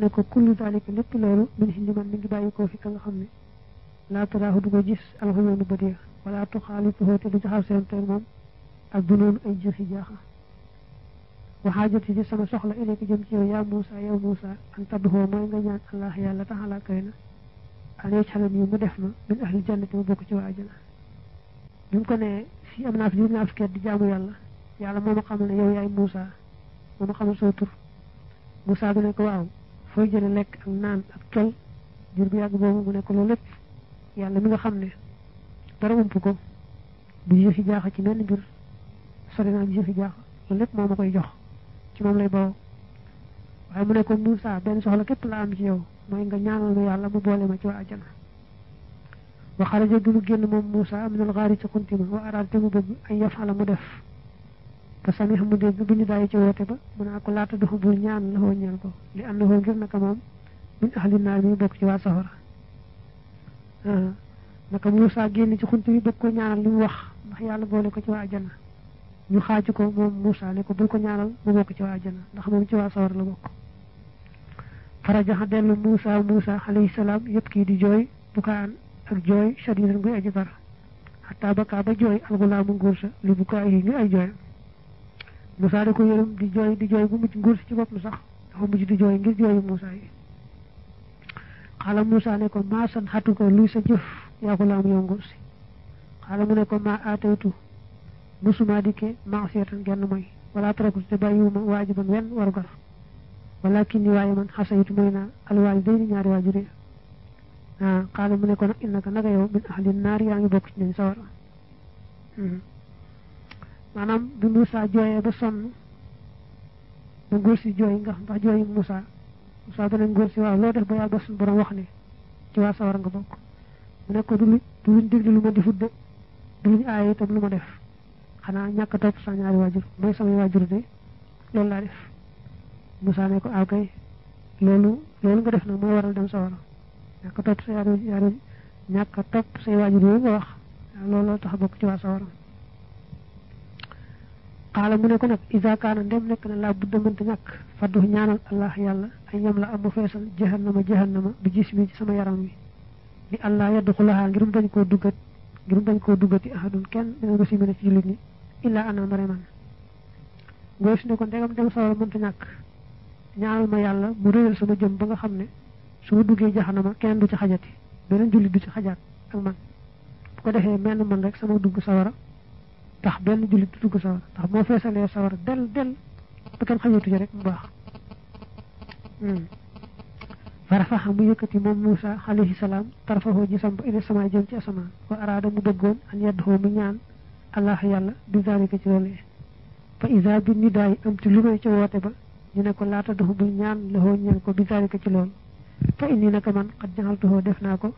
ne ko kullu daalika lépp loolu min indi fi ka nga xam ne laa taraahu du ko gis alxuyoonu bët ya wala tuxaalituhu te du jaxal seen ay jëxi jaaxa waxaajati ci sama soxla ilayka jëm ci yow yaa Muusa yow Muusa an tadduhoo mooy nga ñaan allah yàlla taxalaa kay na aneej xalam min ahli jannati mu bokk ci waa ajana bi mu ko ne fii am naa fi juróom ñaar fukki at waaw foo jële lekk ak naan ak tol jur bu yàgg boobu mu nekk loolu lépp yàlla mi nga xam ne dara ump ko bu jëfi jaax ci benn mbir sori naa bu jëfi jaaxa loolu lépp moo ma koy jox ci moom lay bawoo waaye mu ne ko Moussa benn soxla képp la am ci yow mooy nga ñaanal ma yàlla mu boole ma ci waa àjjana wa xaraja bi mu génn moom Moussa minal ghaari ci xunti ma wa araad te mu bëgg ay yafala mu def fa sami xam mu dégg bu ñu bàyyi ci woote ba mu naa ko laata doxu bul ñaan la ñeel ko li am na hoo ngir naka moom min ahli naar ci waa safara ah, naka Moussa génn ci xunt bi bëgg ko ñaanal li mu wax ndax yàlla boole ko ci waa ajana ñu xaaju ko moom Moussa ne ko bul ko ñaanal mu bokk ci waa ajana ndax moom ci waa sawar la bokk farajaxa dellu Moussa Moussa alayhi salaam yëpp kii di jooy bu kaan ak jooy shadiidan guy aji bar xataa ba kaa ba jooy algulaamu nguur sa li bu kaa ay jooyam lu faade ko yërëm di joy di joy bu mu ci si ci bop lu sax dafa ci di joy ngir joy musa yi xala Moussa ne ko ma san hatu ko lu sa jëf ya ko laam yo nguur ci xala mu ne ko maa aataytu musuma dikke ma seetan genn moy wala taraku te bàyyiwuma waajiban wenn war gar walakin ni waye man xasaytu mooy naa alwaali ni ñaari waajure ya. ah xala mu ne ko innaka naga yow min ahli nar yaa ngi ci nañ sawara hmm manam du musa joye ba son du ngóor si joye nga ba joye musa musa Moussa dana ngóor si wa lo def ba yàlla ba suñu borom wax ni ci wa sawar nga bok mu ne ko du lu du ñu déglu lu ma di fudde du ñu ayé tam lu ah, ma def xana ñaka top sa ñaari wajur moy sama wajur de non la def musa ne ko akay lolu lolu nga def na moy waral dem sawara ñaka top sa yaari ñaka top sa wajur yi nga wax nah, loolu tax bok ci wa sawar qala mu ne ko nak iza kana dem nek na laa budda mënta ñàkk fadu ñaanal allah yalla ay ñam la amu feesal jahannama jahannama bi gis mi ci sama yaram wi li allah ya xulaxaa ngir mu bañ koo duggat ngir bañ duggati ahadun ken dina ko simina ci julit ni illa ana mariman man ne ko ndegam dem sawal mënta ñàkk ñaanal ma yalla bu reeyal sama jëm ba nga xamne su ma jahannama ken du ci xajati benen julit du ci xajat ak man ko defé man rek sama dugg sawara tax benn julit du dugg sawar tax boo feesalee sawar del del ba kenn xajatu rek mu baax hmm. farafaxa mu yëkkati moom Musa alayhi salaam tarfaxoo ji ba ila sama jëm ci asamaan wa araada mu bëggoon an yaddaxoo mu ñaan allah yàlla ya bi zalika ci loolee fa isa bi nidaay am ci lu may ca woote ba ñu ne ko laata dox bu ñaan la hoo ñaan ko bi zalika ci lool fa inni naka man qad jaxaltuhoo def naa ko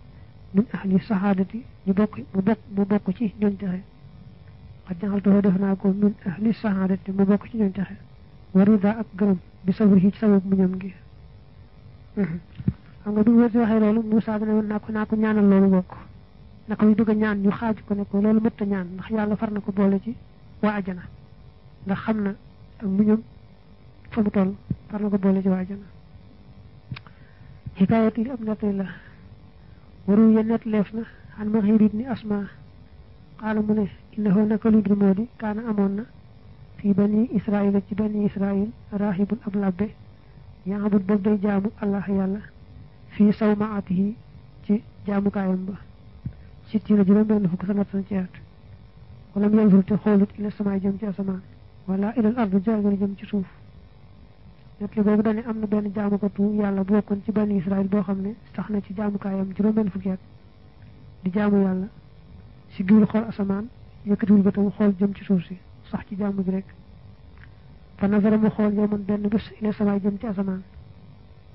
min ahli sahadati ñu bokk mu bokk mu bokk ci ñooñ texe وجعلته دفناكو من أهل السعادة مبوك شنون تخي ورضا أكرم بصبره تصبب من يمجي أما دو ورزي وحي لولو موسى دنا ورنا كنا كنا نعنا لولو بوك نكو يدوك نعنا يخاج كنا كو لولو مت نعنا نخي الله فرنكو بولجي واجنا نخمنا أمنيوم فمطل فرنكو بولجي واجنا حكاية الأمنة الله ورو ينت لفنا عن مغيب ابن أسماء قال منه innahu naka lu modi kana amona na fi bani israil ci bani israil rahibun ab labbe yaabud bob day jamu allah yalla fi sawmaatihi ci jaamu kaayam ba ci tiina juroom benn fukk sanat san ci at wala mu yanzur te xoolut ila sama jëm ci asamaan wala ila al ardu jaagal jëm ci suuf netli boobu dane am na jamu jaamukatu yàlla bu bokkoon ci bani israil boo xam ne sax na ci jaamukaayam juróom benn fukki di jamu yàlla si giwul xool asamaan yëkkatiwul bëtam xool jëm ci suuf si sax ci jàmm gi rek fa nazara mu xool yow man benn bés ila sama jëm ci asamaan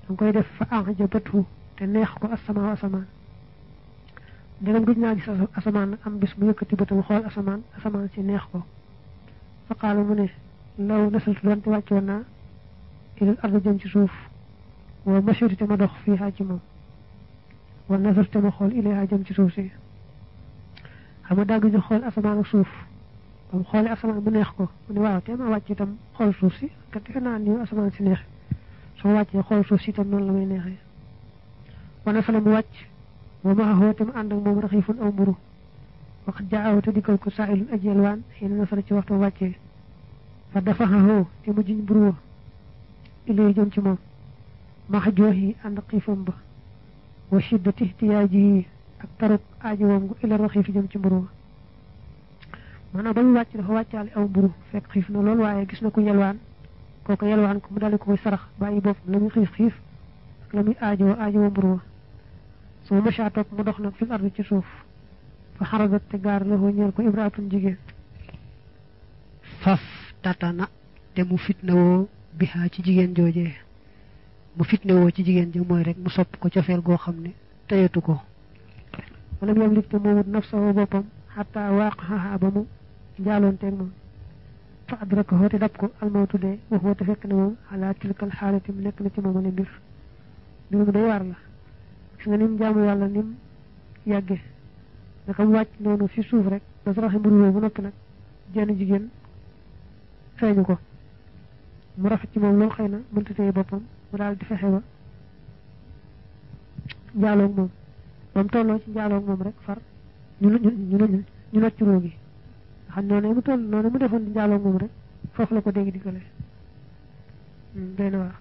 danga koy def fa ajabatu te neex ko asamaa asamaan ndegam gëj naa gis asamaan am bis mu yëkkati bëtam xool asamaan asamaan si neex ko fa qaala mu ne law nasaltu doonte wàccoon naa ilal arda jëm ci suuf wa mashurite ma dox fii haa ci moom wa nazarte ma xool ilay haa jëm ci suuf si xam nga daa gëj xool asamaan ak suuf bam xoolee asamaan bu neex ko mu ne waaw te ma wàcc itam xool suuf si kat defe naa ni asamaan si neex su ma wàccee xool suuf si itam noonu la may neexee wana fa la mu wàcc wa ma xoo tam ànd ak moom raxiifun aw mburu wax jaaw te dikkal ko saailun aji yalwaan xëy na fa ci waxtu wàccee fa dafa xoo te mu jiñ mburu wa jëm ci moom max jooxi ànd xiifam ba wa shiddati ihtiyaaji ak taruk aajo woom gu ila roxi jëm ci mburu maanaam ba muy wàcc dafa wàccaale aw mburu fekk xiif na loolu waaye gis na ku yelwaan kooku yelwaan ko mu daldi ko koy sarax bàyyi bopp la muy xiif xiif la muy aajo aajo woo mburu su ma mu dox nag fil ardi ci suuf fa xaradat te gaar la ñeel ko ibraatun jigéen faf tatana te mu fitnawoo bihaa ci jigéen joojee mu fitnawoo ci jigéen jo mooy rek mu sopp ko cofeel goo xam ne teyatu ko walam yamlik te moomut nafsahu boppam xataa waaqaha ba mu njaaloonteeg moom fa adrakahu te dab ko almawtu dee wax woo te fekk ne moom ala tilkal xaalati mu nekk na ci moomale mbir mbir mu day waar nga nim jaamu yàlla nim yàgge naka mu wàcc noonu fi suuf rek ba saraxe mburu woo bu noppi nag jenn feeñu ko mu rafet ci moom loolu xëy na mënta téye boppam mu daal di fexe ba ba mu tolloo ci njaaloo moom rek far ñu ñu ñu ñu locc gi xam noonu mu toll noonu mu defoon di njaaloo moom rek foofu la ko dégg dikkale hmm, doy na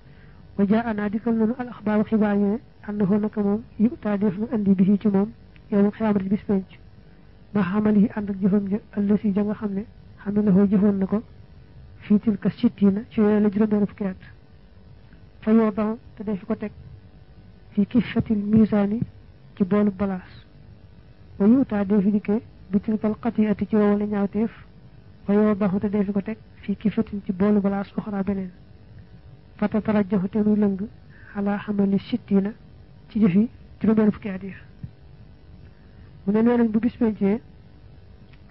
wa jaa anaa dikkal noonu al axbaaru xibaar yi ne àndahoo naka moom yutaa def nu andi bi ci moom yow xiyaamati bis penc ma xamal yi ànd ak jëfam xam ne xam ne lahoo jëfoon na ko fii tilka sittiina ci yooyu la juróom-benn fukki at fa yoo te def ko teg fii kifatil miisaani ci boolu balaas wa yuutaa dee fi dikkee bi tilkal qati'ati ci wowale ñaawteef wa yow baxuta dee fi ko teg fi kifatin ci boolu balaas uxra beneen fata tarajjahu te muy lëng ala xamali sittina ci jëfi juróom-benn fukki at yi mu ne nee nañ bu bis pencee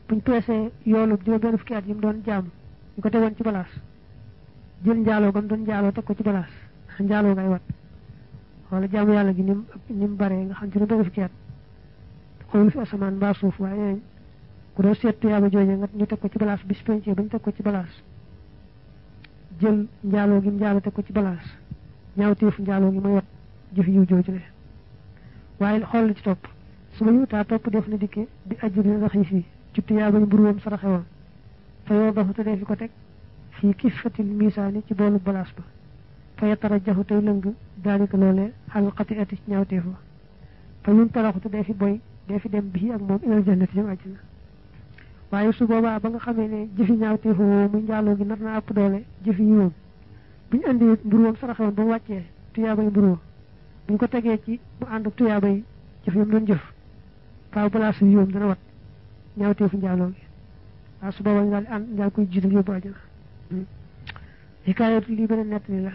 buñ peesee yoolu juróom-benn fukki at yi mu doon jaamu ñu ko tegoon ci balaas jël njaaloo gam doon njaaloo teg ko ci balaas njaaloo ngay wat wala jamu yalla gi nim nim bare nga xam ci lu dëgg fi ceet xoolul fi asamaan ba suuf waye ku do setti tuyaaba jooje nga ñu teg ko ci balance bis pencee bañ teg ko ci balance jël njaaloo gi njaalo teg ko ci balaas ñaawteefu njaaloo gi may yott jëf yiw jooju le waye xol ci top su ma ta top def na dikke di aji ni nga xisi ci tuyaaba ñu buruwam sa woon fa yo dafa tëddee fi ko tek fi kifatil misani ci bolu balance ba fa yatara jaxu tey dalika lolé hal qati'ati ñawteef ba fa ñun taraxu dé fi boy dé fi dem bi ak mom ilal jannati jëm aljana waye su boba ba nga xamé né jëfi ñawtefu mu ñalo gi narna ap app doole jëfi yi bu ñu andi mburu mom saraxawon bu waccé tiyabay mburu buñ ko tege ci bu and ak tiyabay jëf yam doon jëf faaw place yi mom dana wat ñawtefu ñalo gi su boba nga and ñal koy jitu yobbu aljana hikayatu hmm. libere net ni la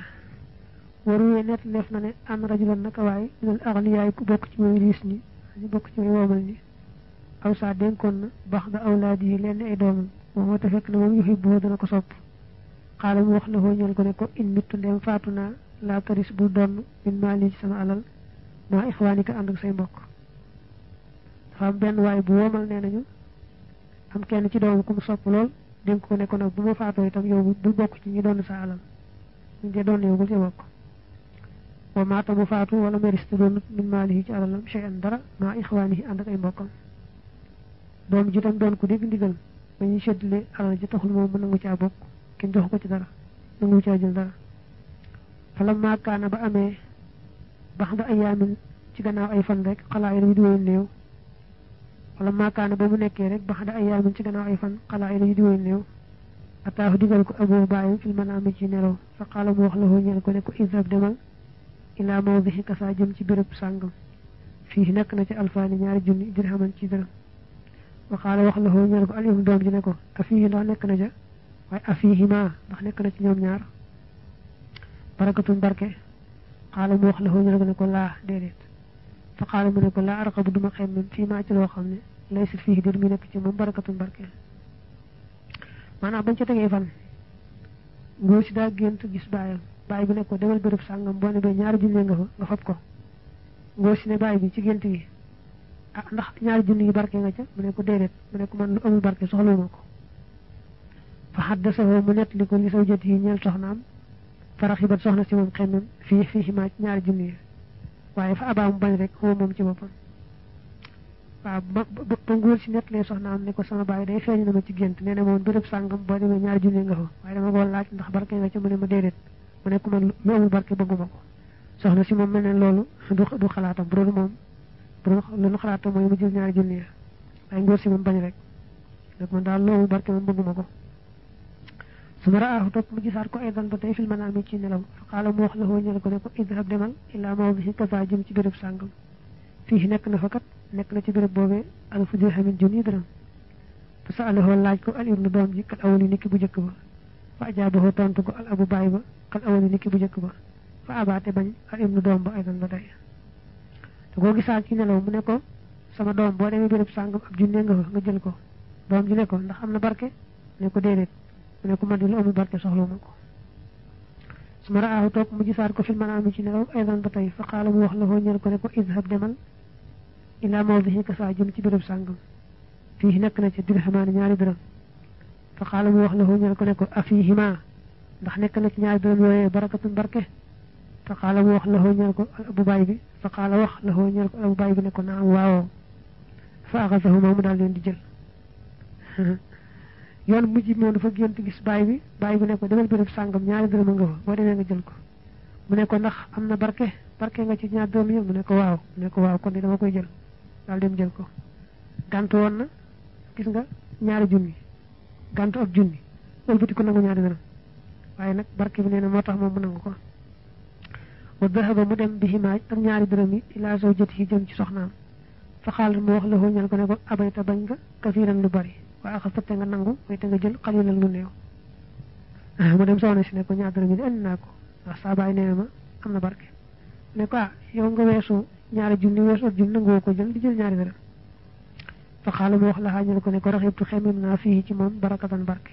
waruwe net leef na ne am rajulan naka way minal aghniyaay ku bok ci moy ris ni ni bok ci way woomal ñi aw den kon na bax da awladi len ay doomam mo mo tafek fekk na moom yuxi boo dana ko sopp xala mu wax la ho ñal ko ne ko in mitu dem fatuna la laa taris bul donn min mali ci sama alal ma ikhwanika andu say mbokk fa ben way bu womal nee nañu am kenn ci doom ku mu sopp lol den ko ne ko na bu ma faatoo itam yow bu bok ci ñi don sa alal ñi dee yow bu ci bok wa maata mu faatu wala mu rista doonut min maalihi ci alalam shay'an dara maa ixwaanihi ànd ak ay mbokkam doom ji tam doon ko dégg ndigal ba ñuy séddale alal ji taxul moom mu nangu caa bokk kenn joxu ko ci dara nangu caa jël dara fala maakaana ba amee bax da ayaamin ci gannaaw ay fan rek xalaa yi dañu diwéen néew wala maakaana mu nekkee rek bax da ayaamin ci gannaaw ay fan xalaa yi dañu diwéen néew ataahu digal ko aboo bàyyam fil manaami ci nelaw fa qaala mu wax la ñeel ko ne ko izhab demal ila mawdihi kasa jëm ci birab sangam fi nek na ci alfani ñaari junni dirhaman ci dara wa qala wax la ho ñal ko alim doom ji ne ko afihi ndax nek na ja way afihi ma ndax nek na ci ñoom ñaar barakatun barke qala mu wax la ho ñal ko ne ko la dedet fa qala mu ne ko la arqabu duma xem fi ma ci lo xamne laysa fihi dir mi nek ci mom barakatun barke manam bañ ci tege fan ngor ci da gënt gis bayam baay bu ne demal bërëb sàngam boo ne ba ñaari junne nga fa nga fab ko ngoo si ne baay bi ci gént gi ah, ndax ñaari junne yi barke nga ca mu ne ko déedéet mu ne ko man lu amul barke soxlawuma ko fa xaddasahoo mu nettali ko li saw jot yi ñeel soxnaam farax yi ba soxna si moom xemmem fii fii ci maa ñaari junne waaye fa abaamu bañ rek moom ci boppam waaw ba ba nguur si ko sama baay day feeñ na ma ci gént nee boo demee ñaari junne nga fa waaye dama ko laaj ndax ca mu ne ma mu nekk man loolu barke bëgguma ko soxna si moom mel ne loolu du xalaatam bu doon moom bu doon lu nu xalaatam mooy mu jël ñaari junni ya waaye ngóor si moom bañ rek nag man daal loolu barke moom bëgguma ko su ma raaxu topp mu gisaat ko aydan ba tey fil manaam yi ci nelaw fa xaala mu wax la hoo ñel ko ne ko idhab demal illaa moo bi si kasaa jëm ci béréb sàngam fii nekk na fa kat nekk na ci béréb boobee alfu dirhamin junni dërëm fa sa alahoo laaj ko al ibnu doom ji kat awali nekk bu jëkk ba fa ajaabahu tontu ko al abu baay ba xal kan awali niki bu jëkk ba fa abate bañ al ibnu dom ba aydan ba to te koo ci nelaw mu ne ko sama dom bo demee béréb sàngam ak junne nga nga jël ko dom ji ne ko ndax amna barke ne ko déedéet mu ne ko man di lu amul barke soxla ma ko suma raahu tok mu ko fil manam ci nelaw aydan fa xaala mu wax la ho ñeel ko ne ko idhab demal ila mawdihi ka saa jëm ci béréb sàngam fi nekk na ci dirhamani ñaari béréb fa xaala mu wax la ho ko ne ko afihima ndax nek na ci ñaar doon wooyee barakatun barke fa xala wax la ho ñal ko bu bay bi fa xala wax ho ñal ko bu bay bi ne ko naam waaw fa axasahu ma mu daal leen di jël yoon mujj moonu fa gënt gis bay bi bay bi ne ko demal béréb sàngam ñaari dërëm nga bo boo nga jël ko mu ne ko ndax amna barke barke nga ci ñaar dërëm yu mu ne ko waaw mu ne ko waaw kon di dama koy jël dal dem jël ko gantu won na gis nga ñaari junni gantu ak junni ëlbati ko nangu ñaari dërëm waaye nag barke bi nee na moo tax moom mu nangu ko wa dahaba mu dem bi himaaj ak ñaari dërëm yi ilaa zawjati jëm ci soxnaam fa xaalat mu wax la xoo ñal ko ne ko abayta bañ nga kasiiran lu bari waa axasta te nga nangu mooy te nga jël xalilan lu néew ah, mu dem soxna si ne ko ñaar naa ko ndax saa baay am na barke ne ko ah, nga weesu ñaari junni weesu at junni nangoo ko jël di jël ñaari dërëm fa xaalat mu wax la xaa ñal ko ne ko raxibtu xemim naa fii ci moom barakatan barke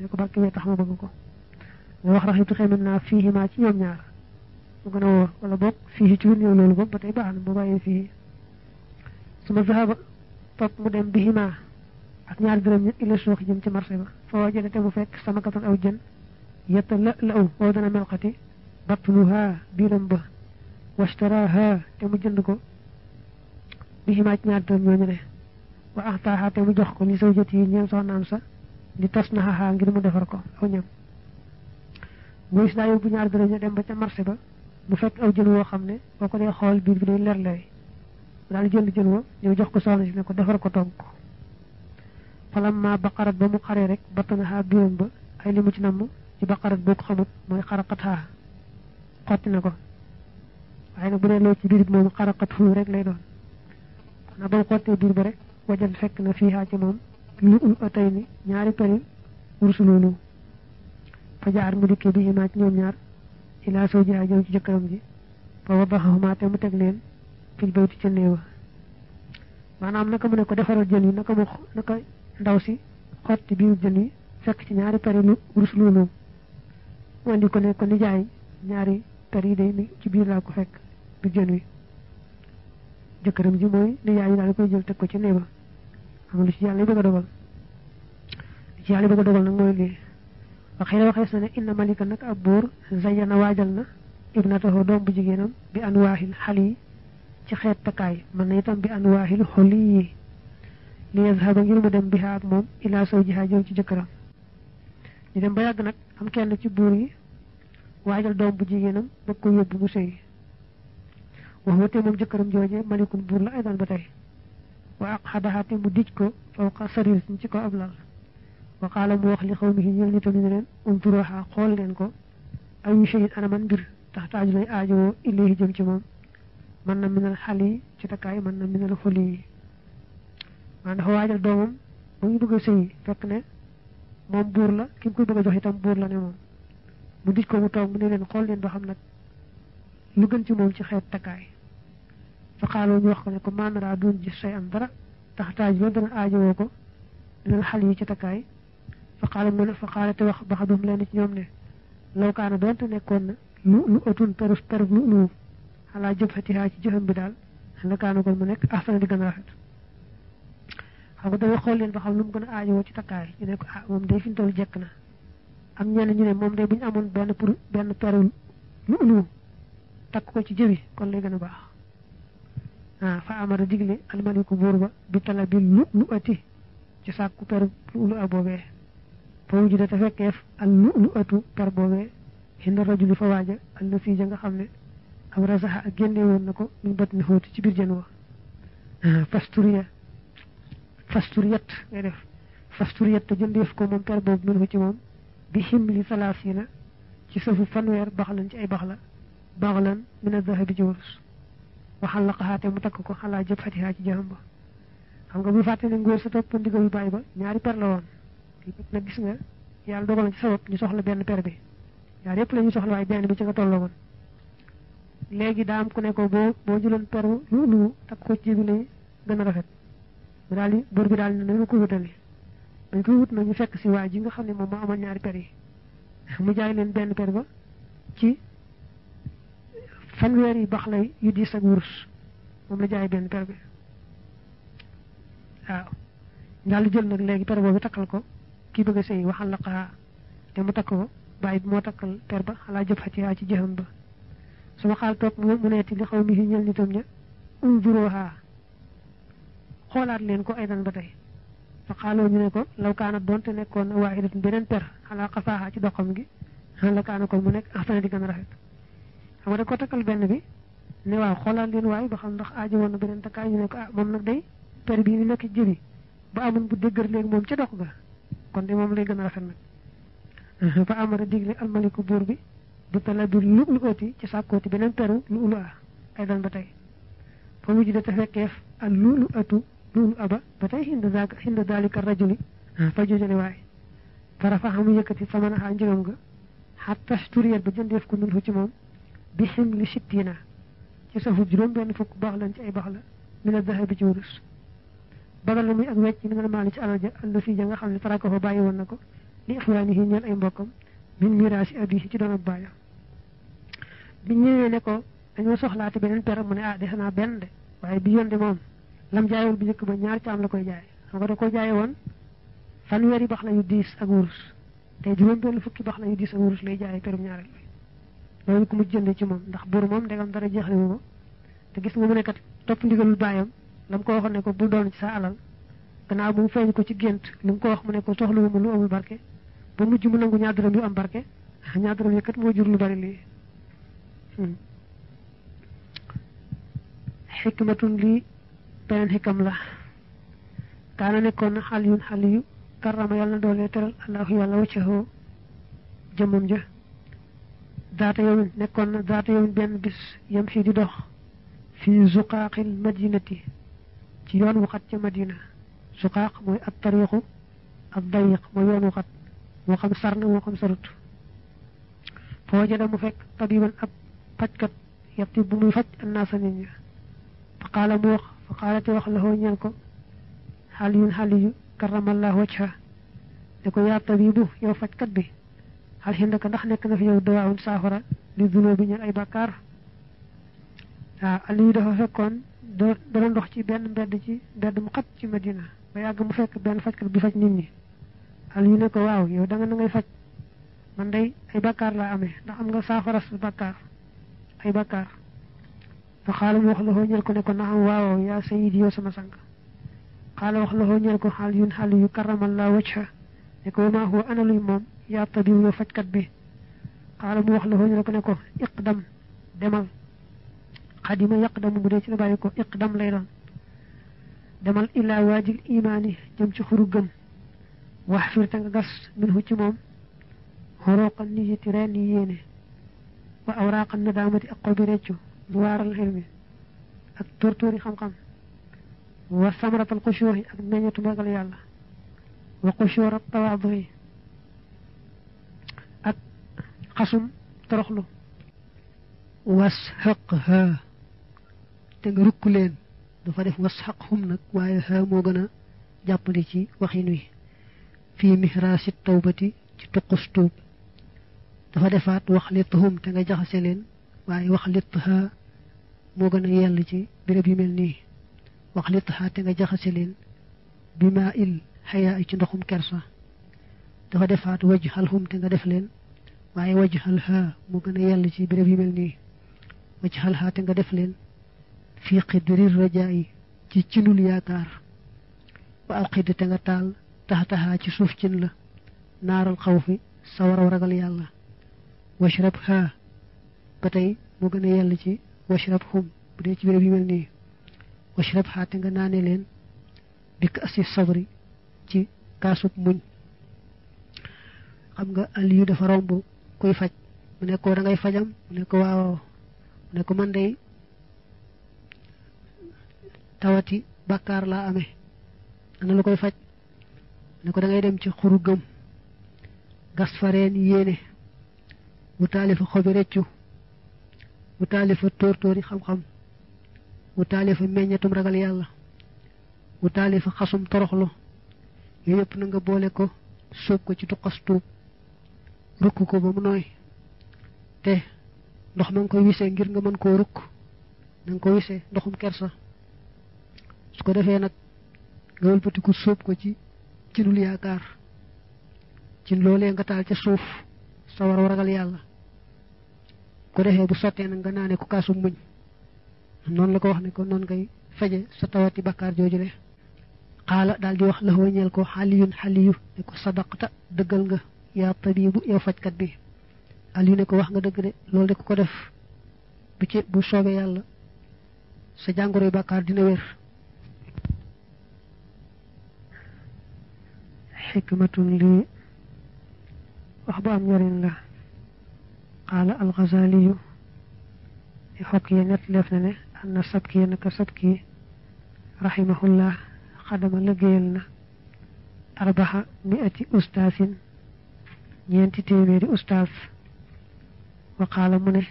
ne ko barke bee tax ma bëgg ko wax wax tu xeyna na fihi ma ci ñoom ñaar mu gëna wor wala bok fihi ci ñoom lolu bok batay baax na baye fi suma zahaba top mu dem bihima ak ñaar dërëm ñu ila shokh jëm ci marché ba fa te bu fekk sama katan aw jën yata la la aw woo dana melxati batnuha biiram ba washtaraha te mu jënd ko bihima ci ñaar dërëm ñooñu ne wa ahtaha te mu jox ko sawjati so naam sa li tasnaha ngir mu defar ko aw ñam mënees naa yóbbu ñaar dërëja dem ba ca marché ba mu fekk aw jën woo xam ne boo ko dee xool biir bi day leer leer daal jënd jën wa ñëw jox ko soxna si ne ko defar ko tonk falam ma baqarat ba mu xaree rek batanaha biiram ba ay li mu ci namm ci baqarat boo ko xamut mooy xaraqataa xotti na ko waaye nag bu dee loolu ci biir bi moom xaraqat fu rek lay doon xanaa ba mu xottee biir ba rek wajal fekk na fii ci moom lu ul atay ni ñaari peril wursu loolu fa jaar mu dikkee bi himaa ci ñoom ñaar ilaa sow ji jëm ci jëkkëram ji fa wadaxahuma te mu teg leen fil bayti ca néewa maanaam naka mu ne ko defar jën yi naka mu naka ndaw si xotti biir jën yi fekk ci ñaari peri lu wurus luulum mu andi ko ne ko ñaari per yi day ci biir laa ko fekk bi jën wi jëkkëram ji mooy nijaay yi daal di koy jël teg ko ci néew ba lu ci yàlla yi bëgg a dogal lu yàlla yi bëgg a dogal nag mooy lii فقيل وقيل سنة إن ملك نك أبور زينا واجلنا ابنته دوم بجيجينم بأنواه الحلي تخيط تكاي من نيتم بأنواه الحلي ليذهب غير مدن بها أدمم إلى سوجها جوج جكرا نيتم بياغ نك هم كان لكي واجل دوم بجيجينم بكو يب موسي وهو تيمم جكرم جوجي ملك بور لأيضا بتاي وأقحدها تيمو ديجكو فوق سرير سنجكو أبلغ waqaala mu wax li xaw mi ñeel nitam ne leen umturuha xool leen ko ayu shayin ana man mbir tax taaju lay aajowoo ilayhi jëm ci moom man na minal xali ci takkaay man na minal xoli yi maanaam dafa waajal doomam ba ñu bëgg a sëy fekk ne moom buur la ki mu koy bëgg a jox itam buur la ne moom mu dij ko mu toog mu ne leen xool leen ba xam nag lu gën ci moom ci xeet takkaay fa xaaloo ñu wax ko ne ko maanaraa duun gis say am dara tax taaju la dana aajowoo ko minal xali yi ci takkaay فقال من فقال توخ بعضهم لنيت يومنا لو كان دون تنكون لو لو أتون ترف ترف لو على جبهة هاي جهنم بدال أنا كانوا كل منك أحسن لك من أحد أبو دوي خول لين بخام لوم كن آجي وتي تكاي ينك أم دي فين تول جكنا أم يان ين مم دي بين أمون بين بور بين تور لو لو تك كوي تجيبي كل لي كن باه فأمر ديغلي الملك بوربا بتلا بين لو لو أتي جساق كتر لو أبو بيه fawjude te fekkeef al lu atu par boobee hinda rajuli fa waaja al na siija nga xam ne am rasaxa ak génne woon na ko min bat ni xóoti ci biir jën wa fasturiya fasturiyat ngay def fasturiyat te jëndeef ko moom per boobu min ko ci moom bi ximli salaasina ci safu fanweer baxlan ci ay baxla baxlan min azahabi ci wurus waxal la xaxaate mu takk ko xalaa jëb xatihaa ci jaxam ba xam nga bu fàtte ne ngóor sa topp ndigal yu bàyyi ba ñaari per la woon nag gis nga yàlla dogal na ci sabab ñu soxla benn per bi ñaar yépp la ñu soxla waaye benn bi ci nga tolloo woon léegi daam ku ne ko boo boo jëloon peru lu lu tak ko ci bi lay gën a rafet mu daal di bor bi daal ne nañu ko wutale dañ koy wut na ñu fekk si waa ji nga xam ne moom moo amoon ñaari per yi mu jaay leen benn per ba ci fanweer yi bax lay yu diis ak wurus moom la jaay benn per bi waaw daal di jël nag léegi per boobu takkal ko ki bëgg sey waxal la qara ah, te mu takko bay mo takkal ter ba ala jëf ci ci jëhum ba suma xal tok mu neeti li xaw mi ñal nitam ña unjuruha xolaat leen ko aydan ba tay fa xalo ñu ne ko law kaana donte nekkon waaxidat benen ter ala qasaha ci doxam gi xan la kaana ko mu nekk axsana ah, di gëna a rafet xam nga ko takkal benn bi ne waaw xolaat leen waay ba xam ndax aaji woon benen takkay ñu ne ko ah mom nak day per bi ni nekk jëri ba amun bu dëggër leen mom ci dox ga kon di mom lay gëna rafet nak fa amara digli al almaliku bur bi du talabi lu lu oti ci sàkkooti benen teru lu ulu a ay dal batay tey fa mujj de ta fekkef al lu lu atu lu ulu aba batay tey hinda zaaka hinda dalika rajuli fa joojale waaye fara fa xamu yëkkati fa mën a xaa njëgam nga xatta turiyat ba jëndeef ko nul ci mom bi xim li sittina ci safu juróom benn fukk baax lan ci ay baax la min a ci wurus dagal na muy ak wecc mi ne maali ci alal ja àll fii ja nga xam ne taraka fa bàyyi woon na ko li ixwaanihi ñeen ay mbokkam min miraasi abihi ci doon ak bàyyi bi ñëwee ne ko dañoo soxlaate beneen per mu ne ah des naa benn de waaye bi yoon de moom lam jaayoon bi njëkk ba ñaar caam la koy jaay xam nga da ko jaaye woon fanweeri bax la yu diis ak wurus te juróom benn fukki bax la yu diis ak wurus lay jaayee perum ñaareel loolu ko mu jënd ci moom ndax buur moom ndegam dara jeex wu ko te gis nga mu ne kat topp ndigalul baayam dam ko waxoon ne ko bul doon ci sa alal gannaaw bu mu feeñ ko ci gént lu ko wax mu ne ko soxlawu ma lu amul barke ba mujj mu nangu ñaar dërëm yu am barke ñaar dërëm yi kat moo jur lu bari lii xikmatun hmm. lii beneen xikam la kaana nekkoon na xal yun xal yu karama yàlla na doole teral allahu yàlla waccaxoo jëmmam ja daata yowin nekkoon na daata yowin benn bis yam xii di dox fii zuqaaqil madinati ci yoon wu xat ci madina suqaq moy at tariqu ak dayiq moy yoon wu xat mo xam sarna mo xam sarut fojada mu fek tabiban ab fajkat yatti bu muy an annasa nit ñi fa qala mu wax fa qalati wax lahu ñal ko haliyun haliyu karramallahu wajha ne ko ya tabibu yow fajkat bi hal hindaka ndax nek na fi yow dawaun safara li dunu bi ay bakkar ah dafa fekkon dana dox ci ben mbedd ci mbedd mu xat ci medina ba yàgg mu fekk benn fajkat bi faj nit ñi al ñu ne ko waaw yow da nga na ngay faj man day ay bakkar la amé ndax am nga saafaras bakkar ay bakkar fa xaala mu wax la ko ne ko na am waaw ya sayid yo sama sang xaala wax la hoo ñal ko xaal yun xaal yu karama allah wajha ne ko ma hu ana luy moom yaa tabiw yow kat bi xaala mu wax la ko ne ko iqdam demal قدم يقدم بودي سي بايكو اقدم لاي دون دمال الى واجب الايمان جم سي خرو گم واحفر تنگ گاس منو سي موم خروق النيه راني يني واوراق الندامه اقو بريچو دوار الحلم اك تورتوري خم خم وثمرة القشور اك نيتو ماغال يالا وقشور التواضع اك قسم ترخلو واسحقها te nga rukk leen dafa def wasxaq xum nag waaye xaa moo gën a jàppale ci waxin wi fii mihraasi tawbati ci tuqus tuub dafa defaat wax litt xum te nga jaxase leen waaye wax litt moo gën a yell ci béréb yu mel nii wax litt te nga jaxase leen bi maa il xayaa ci ndoxum kersa dafa defaat waj xal xum te nga def leen waaye waj xal xaa moo gën a yell ci béréb yu mel nii te nga def leen fi qidri rajai ci cinul yaakar wa alqid te nga taal taxtaxaa ci suuf cin la narul khawfi sawar ragal yalla washrab haa ba tey mu gën ci washrab hum bu de ci béréb yi mel nii washrab te nga nané len dik asif sabri ci kasuk muñ xam nga aliyu dafa rombu kuy faj mu ne ko da ngay fajam mu ne ko waaw mu ne ko man day tawati bakar la amé ana la koy faj ne ko da ngay dem ci xuru utale gasfaren yene reen yéene mu taalifa xobi mu taalifa tóortóori xam-xam mu taalifa meññatum ragal yalla mu taalifa xasum toroxlu na nga bolé ko sóob ko ci rukk ko ba mu ndox mang koy ngir nga man ko rukk nang ko ndoxum kersa su ko defee nag nga wëlbatiku sóob ko ci ci dul yaakaar ci loolee nga taal ca suuf sa war waragal yàlla ko defee bu sottee nag nga naane ko kaasu muñ non la ko wax ne ko non ngay faje sa tawati bakkaar jooju le xaala daal di wax la wëñeel ko xaliyun xaliyu ne ko sadaqta dëggal nga yaa tabibu yow fajkat bi aliyu ne ko wax nga dëgg de loolu de ko ko def bu ci bu soobee yàlla sa jàngoro bakkaar dina wér حكمة لي وحبام يرين له قال الغزالي يحكي نتلفنني أن سبكي أنك سبكي رحمه الله خدم لقيلنا أربعة مئة أستاذ ينتي تيميري أستاذ وقال منه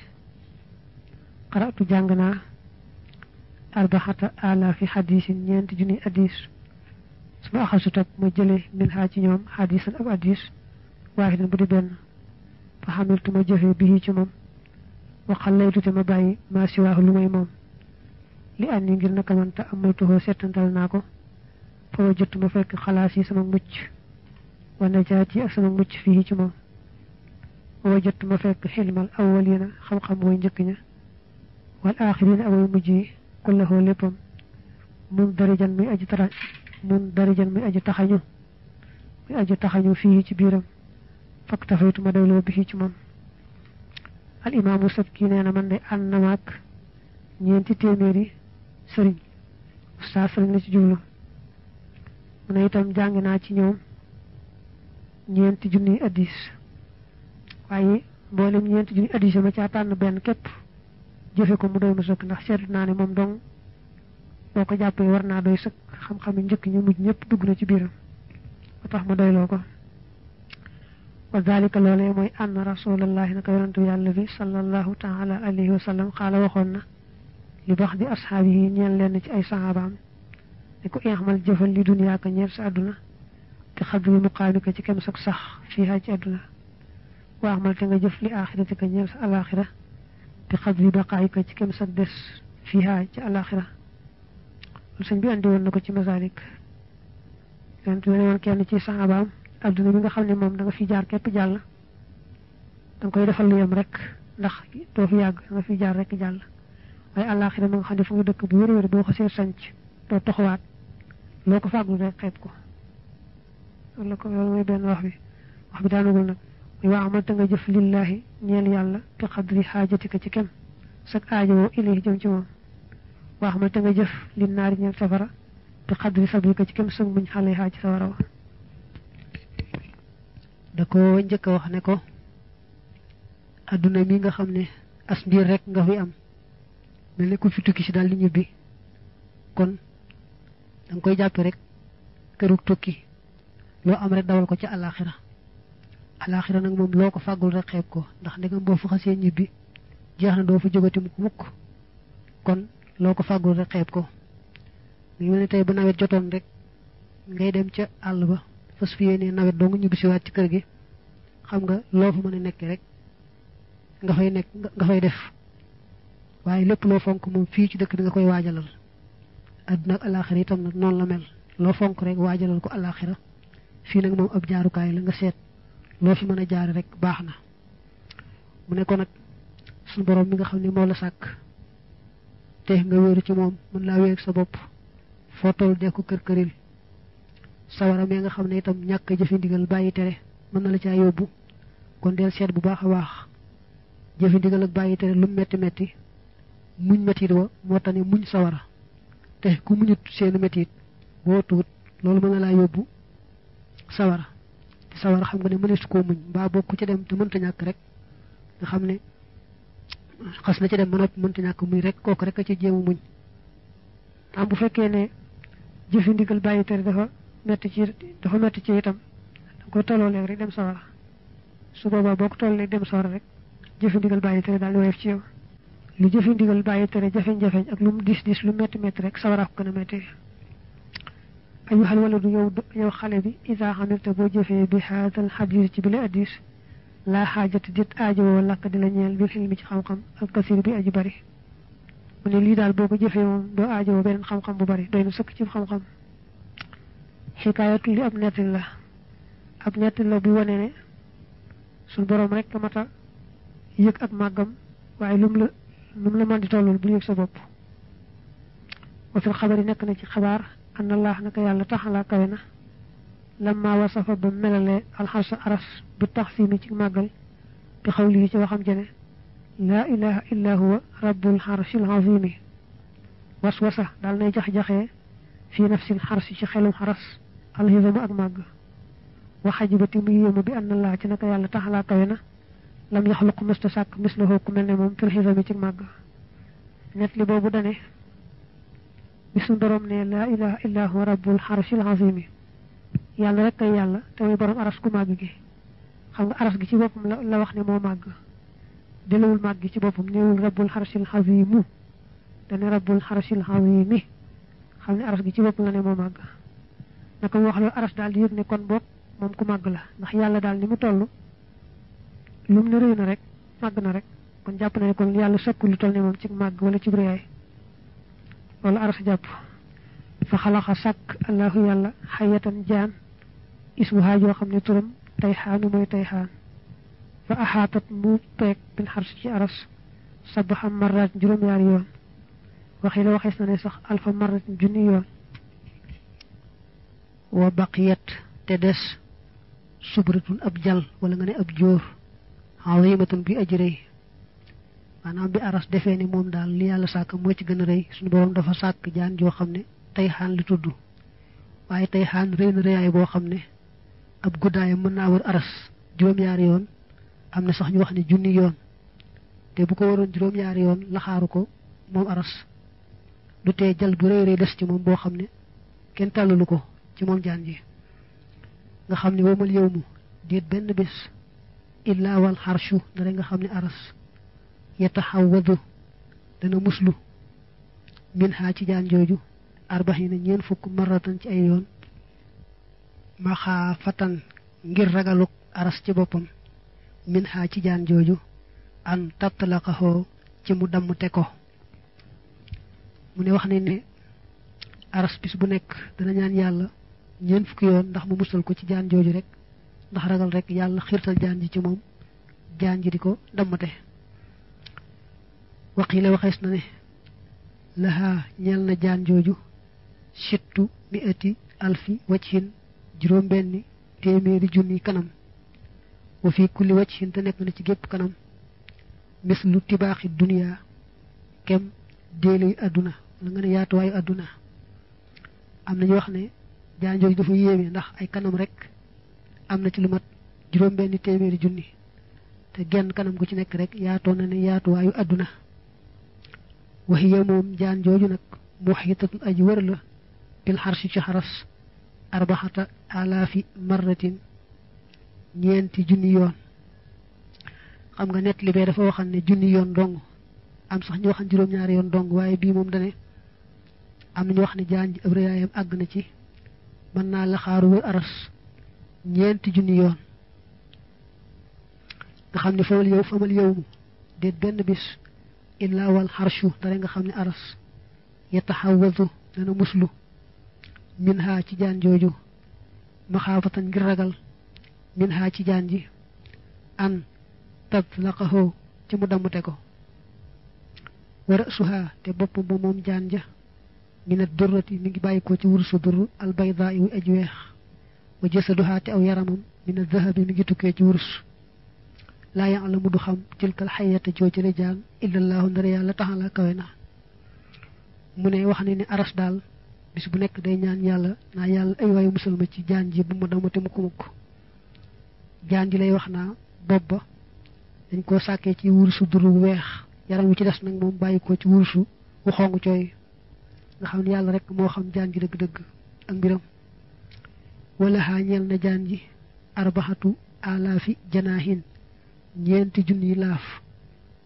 قرأت جانغنا أربعة آلاف حديث ينتي جني أديث su ma axal su topp muy jële min xaa ci ñoom xadisan ab addis waaxidan bu di benn fa xamiltu ma jëfee bii ci moom waxal lay dute ma bàyyi maa si waaxu lu may moom li an yi ngir naka man te amaltuhoo naa ko foo jëtt ma fekk xalaas yi sama mucc wa jaat yi ak sama mucc fii ci moom woo jëtt ma fekk xilmal awwalina xam-xam woy njëkk ña wal aaxirina ak woy mujj yi kullahoo léppam mun darajan muy aji tara nun darajan mi aji taxañu mi aji taxañu fi ci biram fak tafaytu ma dawlo bi ci mom al imam sabki neena man de annamak ñenti téméri sëriñ ustaz sëriñ ci jublu mu ne itam jangina ci ñoom ñenti junni hadis waaye mboolem ñenti junni hadis ma caa tànn ben kep jëfé ko mu doon sokk ndax ne dong boo ko jàppee war naa doy sëkk xam-xam yi njëkk ñu mujj ñëpp dugg na ci biiram ba tax mu doyloo ko wa dalika loolee mooy ann rasulallahi naka yonantu yàlla bi salallahu taala alayhi wa sallam xaala waxoon na li bax di asxaab yi ñeel leen ci ay saxaabaam ne ko ixmal jëfal li duniyaa ka ñeel sa àdduna te xadru muqaamika ci kem sak sax fiihaa ci àdduna wa axmal te nga jëf li ka sa te xadru ci kem ci sëñ bi andi won nako ci mazalik yonent tu won woon kenn ci sahaba aduna bi nga xamne mom da nga fi jaar kep jall da koy defal lu yem rek ndax doo fi yàgg nga fi jaar rek jall waaye àllaaxira mo nga xam fu nga dëkk bu wër wër boo ko sanc doo taxawaat moko ko rek xet ko wala ko loolu mooy ben wax bi wax bi da daanugul nag muy wa amal ta nga jëf lillahi ñeel yàlla bi xadri xaajatika ci kem sag aajowoo ilay jëm ci mom wax ta nga jëf li naari ñal safara te xadri sabri ko ci kem sëng muñ xalé ha ci safara wax da ko ñëk wax ne ko aduna mi nga xamne as bi rek nga fi am mel ne ku fi tukki ci dal li kon da nga koy japp rek keruk tukki lo am rek dawal ko ci alakhirah alakhirah nak mom loko fagul rek xeb ko ndax nga bo fu xasse jeex na mukk kon loko fagul rek xeb ko ngi mel tay bu nawet jotoon rek ngay dem ca àll ba fas fi yene nawet nga ñu wat ci kër gi xam nga lo fa mëna nek nekk rek nga fay nekk nga fay def waye lepp lo fonk mu fi ci dëkk nga koy wajalal aduna ak alaxira itam nag noonu la mel lo fonk rek wajalal ko alaxira fii nag moom ab kay la nga set loo fi mëna jaar rek baxna mu ne ko nak sun borom mi nga xamni mo la sak te nga wéeru ci moom mën laa wéeg sa bopp foo toll dee ko kër këril sawara mee nga xam ne itam ñàkk jëfe ndigal bàyyi tere mën na la caa yóbbu kon del seet bu baax a baax jëfe ndigal ak bàyyi tere lu metti metti muñ mettit wa moo tax ne muñ sawara te ku muñut seenu mettit boo tuut loolu mën na laa yóbbu sawara sawara xam nga ne mënees koo muñ mbaa bokk ca dem te mënta ñàkk rek nga xam ne xas na ci dem ba noppi mënta ñàkk muy rek kooku rek ci jéemu muñ am bu fekkee ne jëfi ndigal bàyyi tere dafa metti ci dafa metti ci itam da ko tolloo léegi rek dem sawara su boobaa boo ko tollee dem sawara rek jëfi ndigal bàyyi tere daal di woyof ci yow lu jëfi ndigal bàyyi tere jafeñ-jafeñ ak lu mu dis dis lu metti metti rek sawara ko gën a metti ayuhal waladu yow yow xale bi isa xamilta boo jëfee bi xaadal xadis ci bi la addis لا حاجة جت آجو ولا قد لنيال بالحلم خم خم الكثير بأجباري من اللي دال بوبو جفيون دو آجو بين خم خم بباري دين سكت خم خم حكاية لأبنية الله أبنية الله بيوانيني سن بروم رك كمتا يك أب ماغم وعي لملا لملا ما دتولول بليك سبب وفي الخبر نكنا جي خبار أن الله نكيال تحلى كينه لما وصف بملل الحرش عرف بالتحسين تيك ماغل بخوله تي وخم جنه لا اله الا هو رب الحرس العظيم وسوسة دال ناي جخ جخه في نفس الحرس شي خيل الحرس الله يذم اك ماغ وحجبتي مي يوم بان الله تي نك يالا تخلا كوينا لم يخلق مستساك مثله كم نل موم في الحزم تيك ماغ نت لي بوبو داني بسم الله لا اله الا هو رب الحرس العظيم yalla rek kay yalla te muy borom aras ku màgg gi xam nga aras gi ci bopum la la wax ne mo màgg delawul màgg gi ci boppam newul rabbul xarsil xazimu dana rabbul harshil xazimi xam nga aras gi ci bopum la ne mo màgg naka wax lo aras dal di yeg ne kon bopp mom ku màgg la ndax yalla dal ni mu tollu lum ne rëy na rek mag na rek kon japp na ne kon yalla sokku lu tollu ne mom ci mag wala ci réyaay wala aras japp fa khalaqa sak allah yalla hayatan jaan ismuha yoo xam ne turam tayxaanu mooy tayxaan wa ahatat mu tek bin xars ci aras sabaxa marrat jurum yar yoon waxi la waxees na ne sax alfa marrat juni yoon wa baqiyat tedes subratun abjal wala nga ne ab jor azimatun bi aji manam bi aras defeni mom dal li yalla sak mo ci gëna reey suñu borom dafa sak jaan joo xam ne li tuddu waye waaye tayxaan rëy na rëyaay ab guddaayam mën naa aras juróom-ñaari yoon am na sax ñu wax ne junni yoon te bu ko waroon juróom-ñaari yoon laxaaru ko moom aras du tee jal bu rëy rëy des ci moom boo xam ne kenn tàllalu ko ci moom jaan ji nga xam ne womal yow mu déet benn bés illa wal xarshu dara nga xam ne aras yataxawadu dana muslu min haa ci jaan jooju arbaxina ñeen fukk ci ay yoon makhafatan ngir ragaluk aras ci bopam min ha ci jaan joju an tatlaqahu ci mu te ko mu ne wax ne ne aras bis bu nek dana ñaan yalla ñeen fukki yoon ndax mu musul ko ci jaan joju rek ndax ragal rek yalla xirtal jaan ji ci mom jaan ji diko dam te waqila na ne laha ñeel na jaan joju sittu mi'ati alfi wajhin juróom benni téeméeri junni kanam wa fi kulli wajhin te nekk na ci gépp kanam mis lu tibaaxi duniyaa kem déele àdduna la nga ne yaatuwaayu àdduna am na ñu wax ne jaanjoo ji dafa yéeme ndax ay kanam rek am na ci lu mat juróom benni téeméeri junni te genn kanam gu ci nekk rek yaatoo na ne yaatuwaayu àdduna waxiya moom jaan jooju nag muxitatun aji wër la bil xarsi ci xaras arbaxata alaafi marratin ñeenti junni yoon xam nga nett li bee dafa waxan ne junni yoon dong am sax ñu waxan juróom-ñaari yoon dong waaye bii moom dane am na ñu wax ne jaan ji ab rëyaayam àgg na ci mën naa laxaaru wër aras ñeenti junni yoon nga xam ne famal yow famal yow mu déet benn bis illaa wal xarshu dara nga xam ne aras yataxawadu dana muslu min ha ci jaan jooju maxaafatan ngir ragal min ha ci jaan ji an tatlaqahu ci mu damute ko wara suha te bopp ba moom jaan ja min ad durrati mi ngi bàyyi ko ci wursu durr al baydaa wu aj wa jasaduha te aw yaramam min ad dahabi mi ngi tukkee ci wurs laa yaalamu du xam tilkal xayata jooju la jaan illallahu ndara yàlla taxala kawe na wax ne ne aras daal bis bu nek day ñaan yalla na yalla ay wayu musul ma ci jaan ji bu mu dama te ko mukk jaan ji lay wax na bobba dañ ko saké ci wursu duru wéx yaram wi ci des nak mom bayiko ci wursu wu xong coy nga xam yalla rek mo xam jaan ji deug ak mbiram wala ha ñel na janji arbahatu alafi janahin janaahin ñeenti junni laf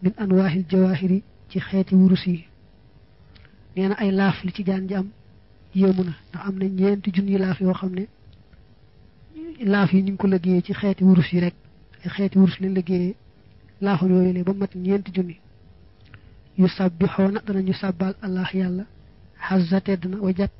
min anwahil jawahiri ci xéti wurus yi ay laf li ci jaan am yéemu ndax am na ñeenti junni laaf yoo xam ne laaf yi ñu ngi ko liggéeyee ci xeeti wurus yi rek xeeti wurus lañ liggéeyee laafam yooyu lee ba mat ñeenti junni yu sàbbixoona danañu sàbbaal allah yàlla xazza tedd wa jàpp